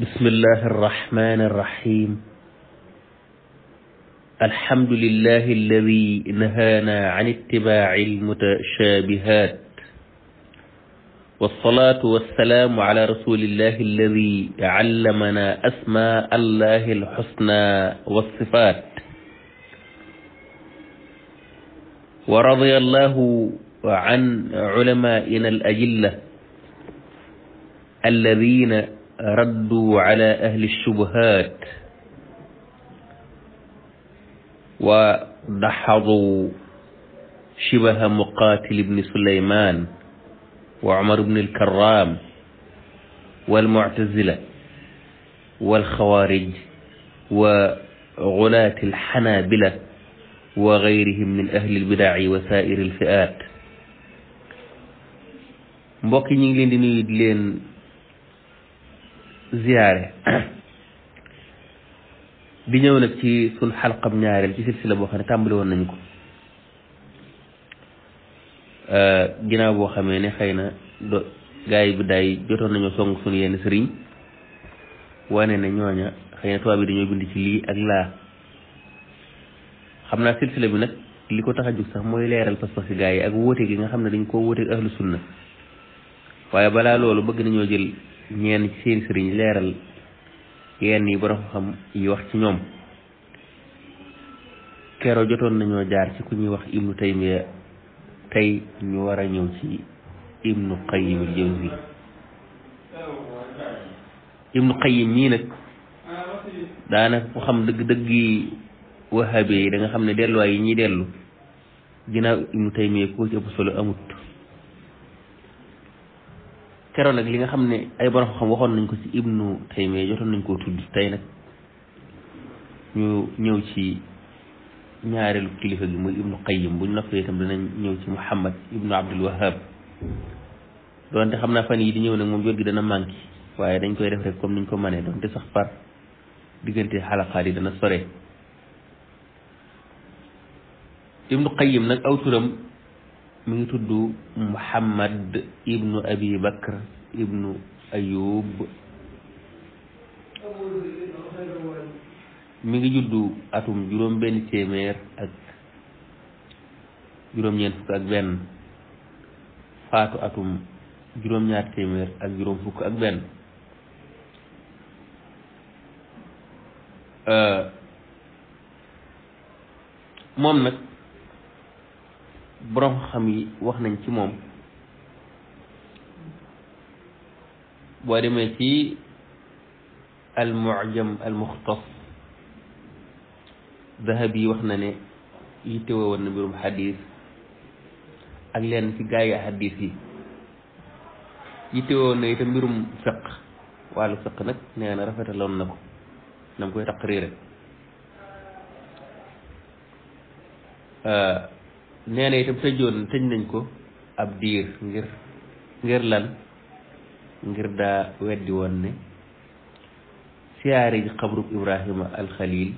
بسم الله الرحمن الرحيم الحمد لله الذي نهانا عن اتباع المتشابهات والصلاة والسلام على رسول الله الذي علمنا أسماء الله الحسنى والصفات ورضي الله عن علمائنا الأجلة الذين raddu ala ahli shubuhat wa daxadu shibaha muqatil ibni suleyman wa umar ibni alkarram walmutazila walxawarij wa gulaati alxanabila wa gayrihim min ahli albidaci wa saa'iri alfi'aat mbokk ñi ngi leen di nuyu di leen ziyaare bi ñëw nag ci sunu xalqam ñaareel ci silsila boo xam ne tàmbali woon nañu ko euh, ginnaaw boo xamee ne xëy na do gars yi bi daay jotoon nañoo song suñu yenn sëriñ wane ne ñooña xëy na tubaab yi dañoo bind ci lii ak laa xam naa silsila bi nag li ko tax a jóg sax mooy leeral pas-pas yi gars yi ak wóote gi nga xam ne dañ koo wóote ak ahlu sunna waaye balaa loolu bëgg nañoo jël ñeen ci seen sëriñ leeral yenn yi borom xam yi wax ci ñoom kero jotoon nañoo jaar ci ku ñuy wax ibnu taymiya tey ñu war a ñëw ci ibnu qayyim al yi ñii nag daanaka ku xam dëgg dëgg yi wahabe yi da xam ne delluwaay yi ñuy dellu ginnaaw ibnu taymiya koo ci ëpp solo amut keroon nag li nga xam ne ay borom xam waxoon nañ ko ci ibnu taymiya jotoon nañ koo tudd tey nag ñu ñëw ci ñaareelu kilifa gi muy ibnu qayyim bu ñu noppee itam dinañ ñëw ci muhammad ibnu abdul wahab doonte xam naa fan yi di ñëw nag moom jot gi dana manqué waaye dañ koy def rek comme niñ ko mënee doonte sax par diggante xalaqaat yi dana sore ibnu qayyim nag aw mu ngi tudd Muhammad ibnu Abi Bakr ibnu Ayub mi ngi juddu atum juróom benn téeméer ak juróom-ñeent fukk ak benn faatu atum juróom-ñaar téeméer ak juróom fukk ak benn euh, moom nag boroom xam yi wax nañ ci moom boo demee ci al mu'jam al muxtas wax na ne yittewoo woon na mbirum xadis ak leen ci gaayi xadis yi yittewoo woon na itam mbirum fiq wàllu fiq nag nee na rafetaloon na ko nam koy taqriire nee na itam tëj nañ ko ab diir ngir ngir lan ngir daa weddi woon ne siyaare ji xabrub ibrahima alxalil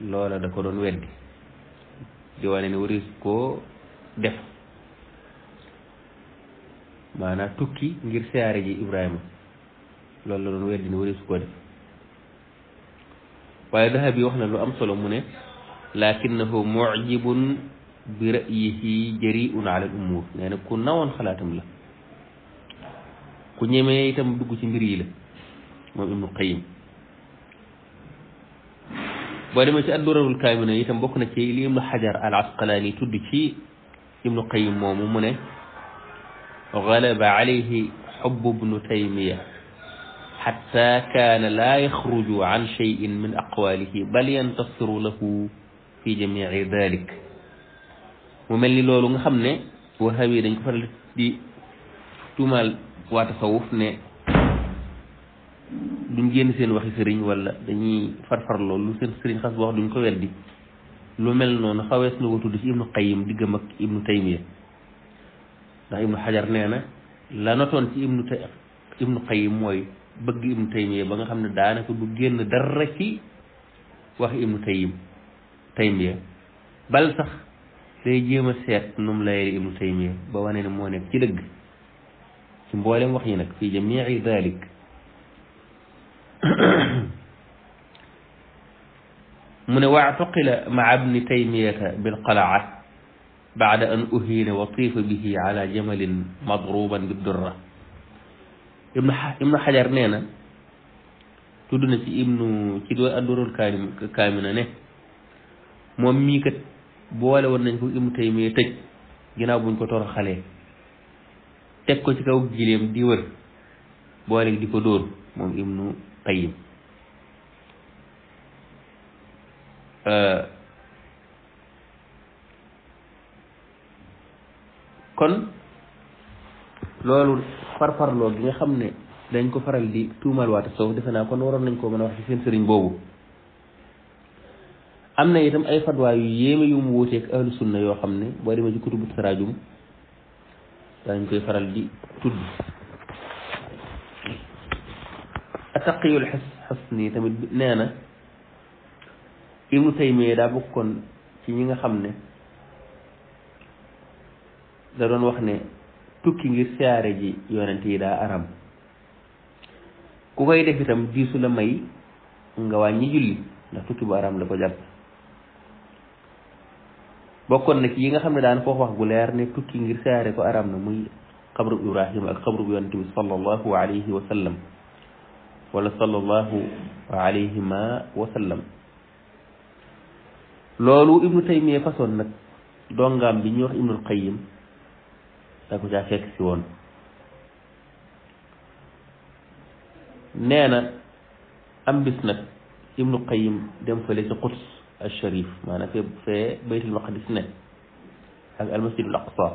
loola da ko doon weddi di wane ne waris koo def maanaam tukki ngir siyaare ji ibrahima loolu la doon weddi ne waris koo def waaye dahab bi wax na lu am solo mu ne lakinnahu mucjibun bi ra'yihi jari'un ala al umuur nee na ku nawoon xalaatam la ku ñemee itam dugg ci mbir yi la moom ibnu qayim boo demee ci addurarul kaamina itam bokk na ci li ibnu xajar al asqalaani tudd ci ibnu qayim moomu mu ne galaba alayhi xubbu bnu taymiya xatta kaana laa yaxruju an cheyin min aqwaalihi bal yantasiru lahu fi jamii dalik mu mel ni loolu nga xam ne waxaab yi dañ ko faral di tuumaal waa tasawuf ne duñ génn seen waxi sëriñ wala dañuy farfar loolu lu seen sëriñ xas bu wax duñ ko weddi lu mel noonu xawees na ko tudd ci ibnu qayim diggam ak ibnu taymiya ndax ibnu xajar nee na la notoon ci ibnu ibnu qayim mooy bëgg ibnu taymiya ba nga xam ne daanaka du génn dara ci waxi ibnu tayim taymiya bal sax day jéem a seet nu mu lay ibnu taymiya ba wane ne moo nekk ci dëgg ci mboolem wax yi nag fi jamii dalik mu ne waatuqila maa bni taymiyata bilqalaa baada an uhiina watifa bihi ala jamalin madruban biddurra ibnu ibnu xajar nee na tudd na ci ibnu ci doo addurul kaamina ne moom mii kat boole woon nañ ko Ibnu Taymiya tëj ginnaaw buñ ko toroxalee teg ko ci kaw gileem di wër boole di ko dóor moom Ibnu Qayyim euh, kon loolu lool bi nga xam ne dañ ko faral di tuumal waate soof defe naa kon waroon nañ koo mën a wax ci seen sëriñ boobu am na itam ay fatwa yu yéeme yu mu wuuteeg ahlu sunna yoo xam ne boo demee ci kutubu taraajum daañ koy faral di tudd ataqiyul xas xas nii tamit nee na ibnu taymiya daa bokkoon ci ñi nga xam ne da doon wax ne tukki ngir siyaare ji yonent yi daa aram ku koy def itam diisu la may nga wàññi julli ndax tukki bu aram la ko jàpp bokkoon na ci yi nga xam ne daan ko wax gu leer ne tukki ngir saare ko aram na muy xabru ibrahima ak xabru yonent bi sallallahu alayhi wa sallam wala sallallahu alayhima wa sallam loolu ibnu taymiya façon nag dongaam bi ñuy wax ibnul qayim da ko caa fekk si woon nee na am bis nag ibnu qayim dem fële ci quds al sharif maanaam fee fee baytul maqdis ne ak al masjidul aqsa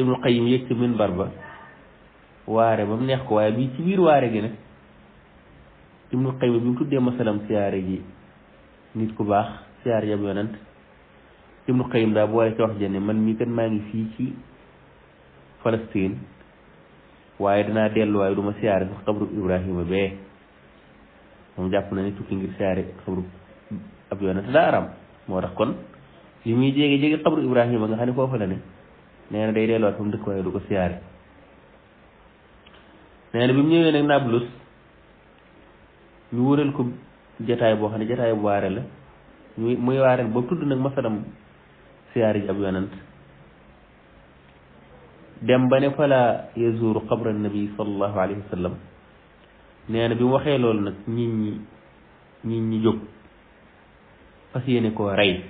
ibnu qayim yëg ci minbar ba waare ba mu neex ko waaye bii ci biir waare gi ne ibnu qayim bi mu tuddee masalam siyaare gi nit ku baax siyaar yam yonent ibnu qayim daa boole ca wax jëne man mii kat maa ngi fii ci Palestine waaye danaa dellu du duma siyaare sax xabru ibrahima bee moom jàpp na ne tukki ngir siyaare xabru ab yonent daa aram moo tax kon li muy jéege jéege xabru Ibrahima nga xam ne foofu la ne nee na day delluwaat fa mu dëkk waaye du ko siyaare nee na bi mu ñu wóoral ko boo xam ne jataay bu waare la muy muy waare ba tudd nag masadam ab yonent dem ba ne fala yazuru qabra nabi sallallahu na bi waxee loolu nag nit ñi ñi jóg fas yéene koo rey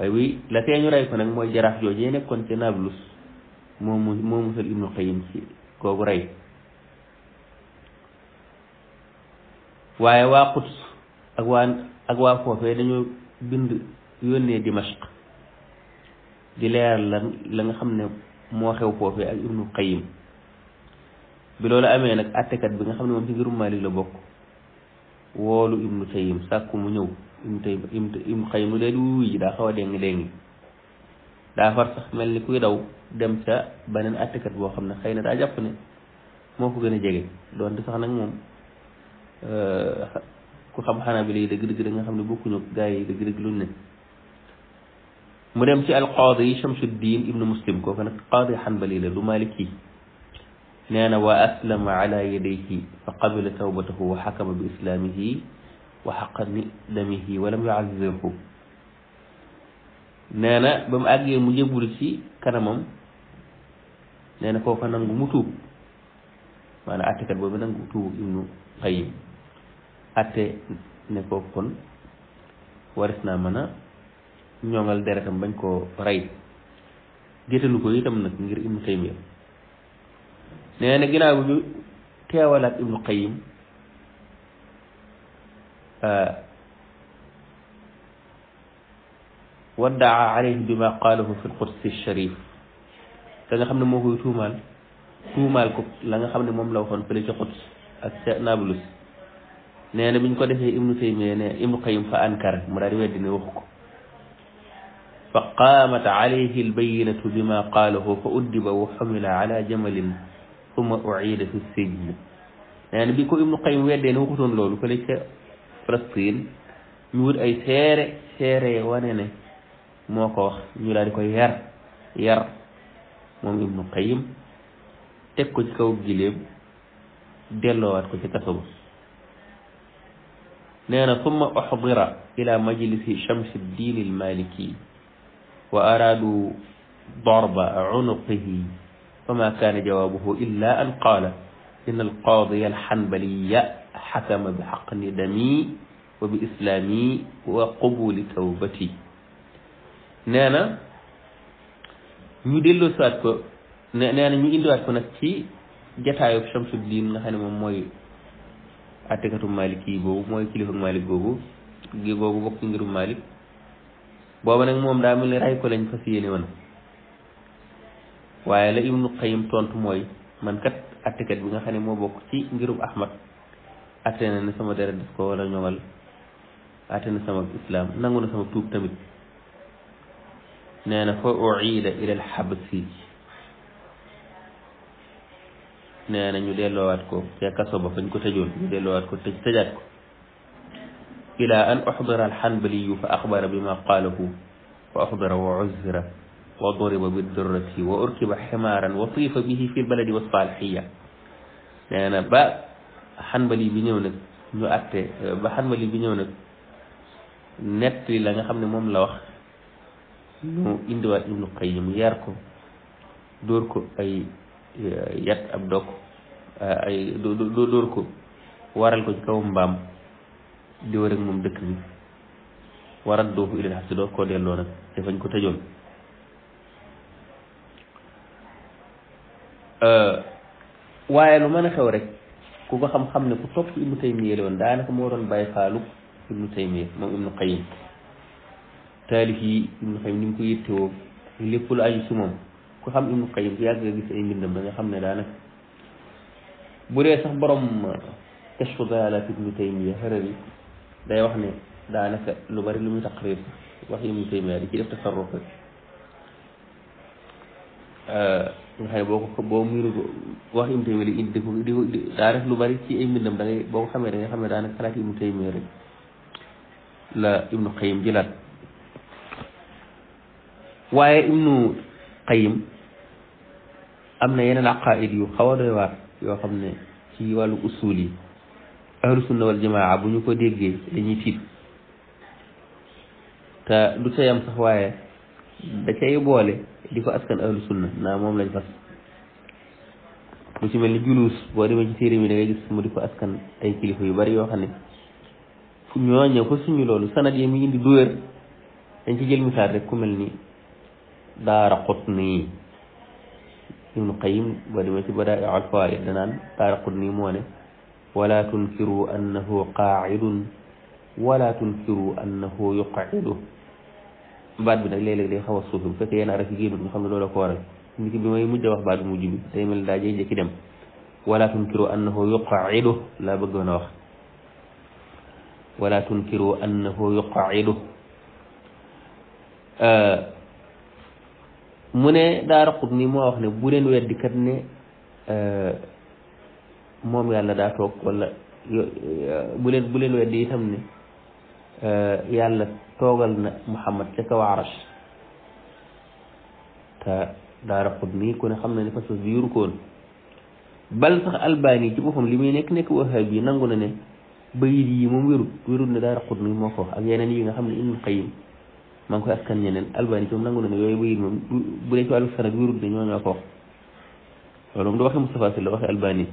waaye wi mooy jaraaf jooju nekkoon ca Nablus moo mu waa Quds ak waa foofee dañoo bind yónnee Dimashq di leer la la nga xam ne moo xew foofee ak Ibnu Qayyim bi loolu amee nag àttekat bi nga xam ne moom ci ngirum Maalik la bokk woolu Ibnu Qayyim sàkku mu ñëw im tey im im xëy mu daal di wuy ji daa xaw a déngi déngi daa far sax mel ni kuy daw dem ca beneen attikat boo xam ne xëy na daa jàpp ne moo ko gën a jege doonte sax nag moom euh, ku xam xanaa bi lay dëgg-dëgg da nga xam ne bokkuñu gaa yi dëgg-dëgg luñ ne mu dem ci alqaadi yi Shamsuddin ibnu Muslim kooku nag qaadi xanbali la du maliki nee na wa aslama ala yadayhi fa qabila tawbatahu wa xakama bi islaamihi wa xaqa ni'damihi wa lam yu'azzirhu nee na ba mu àggee mu jébbalu ci kanamam nee na kooka nangu mu tuub maanaam attekat boobu nangu tuub ibnu Qayyim atte ne kooku kon waris naa mën a ñoŋal deretam bañ koo rey géttalu ko itam nag ngir ibnu Taymiya nee na ginnaaw bi ñu teewalaat ibnu Qayyim Uh, waddaa alayhim bi ma qaalahu fi lqudsi sharif ka nga xam ne moo koy tuumaal tuumaal ko la nga xam ne moom la waxoon fële ci Quds ak Nablus nee na bi ñu ko defee ibnu taymiya ne ibnu qayim fa ankar mu daal di weddi ne waxu ko fa qaamat alayhi albayinatu bi ma qaalahu fa uddiba wa xumila ala jamalin summa uciida fi sijn nee na bi ko ibnu qayim weddee ne waxutoon loolu fële ca Palestine ñu wut ay seere seere yi wane ne moo ko wax ñu daal di koy yar yar moom Ibnu Qayyim teg ko ci kaw gileem delloowaat ko ci kaso ba nee na summa uxdira ila majlisi Shamsuddin al-Maliki wa araadu darba unuqihi fama kaana jawaabuhu illa an qaala inna al-qaadiya al-hanbaliya xatama bi xaq ni dami wa bi islaami wa qubuli tawbati nee na ñu delloosiwaat ko nee na ñu indiwaat ko nag ci jataayu Shamsuddin nga xam ne moom mooy àttekatu Malik yi boobu mooy kilifa Malik boobu gi boobu bokk ci ngirum Malik booba nag moom daa mel ni ray ko lañ fas yéene woon waaye la Ibnu Qayyim tontu mooy man kat àttekat bi nga xam ne moo bokk ci ngirum Ahmad atte na ne sama deret def ko wala ñoŋal atte na sama islaam nangu na sama tuub tamit nee na fa uida ila al xabsi nee na ñu delloowaat ko ca kaso ba fañ ko tëjoon ñu delloowaat ko tëj tëjaat ko ila an uxdira al xanbaliyu fa axbara bima qaalahu wa uxdira wa uzira wa duriba biddurrati wa urkiba ximaaran wa tiifa bihi fi lbaladi wasfa alxiya nee na ba xanbali bi ñëw nag ñu àtte euh, ba xanbali bi ñëw nag nett li la nga xam ne moom la wax ñu indiwaat ibnu qayim yar ko dóor ko ay euh, yat ab dokk euh, ay dóor ko waral ko ci kaw mbaam di wër ak moom dëkk bi warat doofu ilal doo koo delloo nag te ko tëjoon waaye lu mën a xew rek ku ko xam-xam ne ku topp ibnu taymiya la woon daanaka moo doon bàyyi faalu ibnu taymiya moom ibnu qayim taalif yi ibnu qayim ni mu ko yittewoo lépp lu aju si moom ku xam ibnu qayim ku yàgg nga gis ay mbindam da nga xam ne daanaka bu dee sax borom kashfu dalalat ibnu taymiya xërëri day wax ne daanaka lu bari lu muy taqrir wax ibnu taymiya di ci def tasarruf rek nga uh, xam boo ko boo miiru ko wax Ibnu Taymiya di di ko lu bari ci boo ko xamee da ngay xam ne daanaka xalaat Ibnu Taymiya rek la Ibnu Qayyim jëlaat waaye Ibnu Qayyim am na yeneen aqaid yu xaw doy waar yoo xam ne ci wàllu usul yi ahlu sunna bu ñu ko déggee dañuy tiit te du sax waaye da cay boole di ko askan ahlu sunna naa moom lañ fas lu ci mel ni juluus boo demee ci téere mi da ngay gis mu di ko askan ay kilifa yu bari yoo xam ne fu ko suñu loolu sanad yi mu indi du wér dañ ci jël misaal rek ku mel ni daara qutni ibnu qayim boo demee ci badaa al danaan daara qutni moo ne wala tunkiru annahu qaacidun wala tunkiru annahu yuqacidu baat bi nag léeg-léeg day xaw a suufi mu fekkee yenn araf yi génnut nga xam ne loolu ko waral nit ki bi may mujj a wax baat bi mujj bi day mel daa jëy njëkki dem wala tunkiru annahu yuqaidu laa bëggoon a wax wala mu ne daa raqut ni moo wax ne bu leen weddi kat ne moom yàlla daa toog wala bu leen weddi itam ne yàlla toogal na Muhammad ca kaw arash te daara xut mii ne xam na ne fas fas bi yuru koon bal sax albani ci boppam li muy nekk nekk wahaabi yi nangu na ne bayit yi moom wérut wérut ne daara xut mi moo ko ak yeneen yi nga xam ne Ibnul Qayyim maa ngi koy askan ñeneen albani ci moom nangu na ne yooyu moom bu dee ci wàllu sanad wérut ne ñoo ñoo ko wax du waxe Moustapha Sy la waxe albani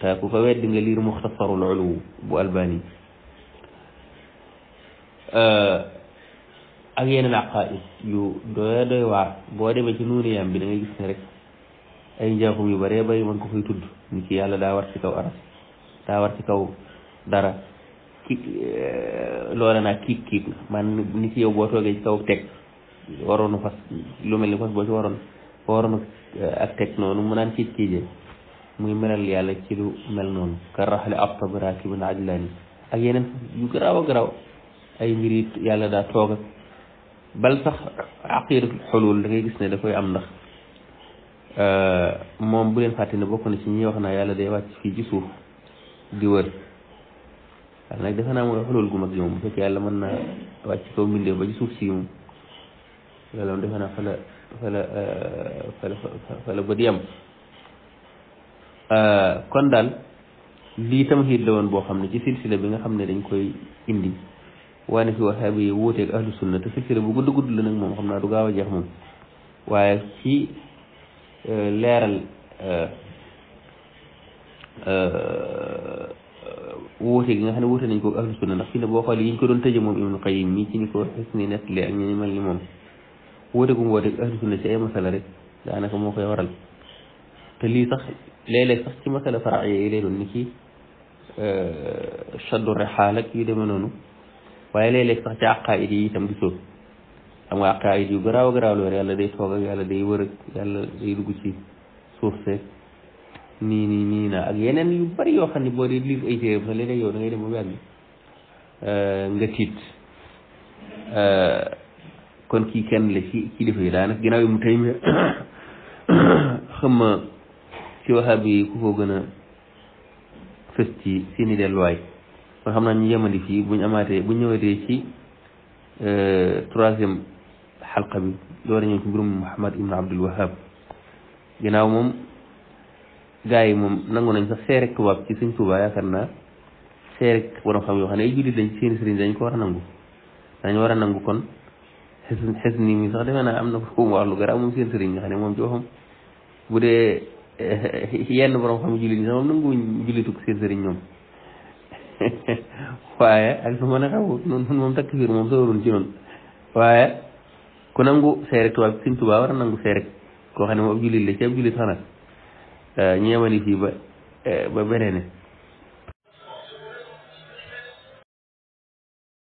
te ku ko weddi nga liir muxtasarul uluw albani Euh, ak yeneen aqaid yu doy doy waar boo demee ci nuuniyam bi da gis ne rek ay njaaxum yu baree bari man ko fay tudd ni ki yàlla daa war ci kaw aras daa war ci kaw dara ki euh, loola naa kiik kiik na yow boo toogee ci kaw teg waroonu fas lu mel ni fas boo ci waroon waroon euh, ak teg noonu mu naan kiik kiijee muy melal yàlla ci lu mel noonu ka raxle ab tab raakibun ajlaani ak yeneen yu garaaw a garaaw ay mbir yàlla daa tooga ak bal sax aqidatul xulul da ngay gis ne da koy am ndax euh, moom bu leen fàtte bokk na ci ñuy wax naa yàlla day wàcc fii ci suuf di wër waaye nag defe naa mooy xulul gu mag yi bu fekkee yàlla mën naa wàcc kaw mbindeef ba ci suuf si moom defe naa fa la fa la fa euh, la fa la bët yam euh, kon daal lii tamit la woon boo xam ne ci silsila bi nga xam ne dañ koy indi waane fi waxaabu yi wuuteeg ahlu sunna te sikkire bu gudd gudd la nag moom xam naa du gaaw a waaye ci euh, leeral euh, euh, wuute gi nga xam ne wuute nañ ko ahlu sunna ndax fi ne boo xoolee yi ko doon tëje moom ibnu qayim mii ci ko xis ni nettali ak ñi mel ni moom wuute gu mu ahlu sunna ci ay masala rek daanaka moo koy waral te lii sax léeg-léeg sax ci masala faraaya yi lay doon ni ki chaddu rexaal ak yu noonu waaye léeg-léeg sax ci aqaayid yi itam di xam nga aqaayid yu garaaw garaaw loolu yàlla day toog yàlla day wër ak yàlla day dugg ci suuf nii nii naa ak yeneen yu bari yoo xam ne boo dee livre ay téere sax dem ba benn euh, nga tiit euh, kon kii kenn la ci ci defe daanaka ginnaaw yi mu tey mi xam ma ci waxaab yi ku ko gën a fës ci seeni kon xam naa ñu yemandi fii buñ amaatee buñ ñëwatee ci euh, troisième xalqa bi loolu ñëw ci mbirum Muhammad ibnu Abdul Wahab ginnaaw moom gaa yi moom nangu nañ sax seerek tubaab ci sëñ Tuubaa yaakaar naa seerek borom xam yoo xam ne dañ dañ ko war a dañ war a kon xes xes nii mi sax defe naa am na ko mu wax lu garaaw moom seen bu dee eh, eh, yenn borom xam jullit ñi sax moom nanguwuñ jullituk seen sëriñ ñoom waaye ak su mën a xaw nun moom takk fiir moom soorun ci noonu waaye ku nangu see rek tubaab Sëriñ Tuubaa war a nangu see rek koo xam ne moom ab jullit la ci ab jullit xanaa euh, ñeemani fii ba euh, ba beneen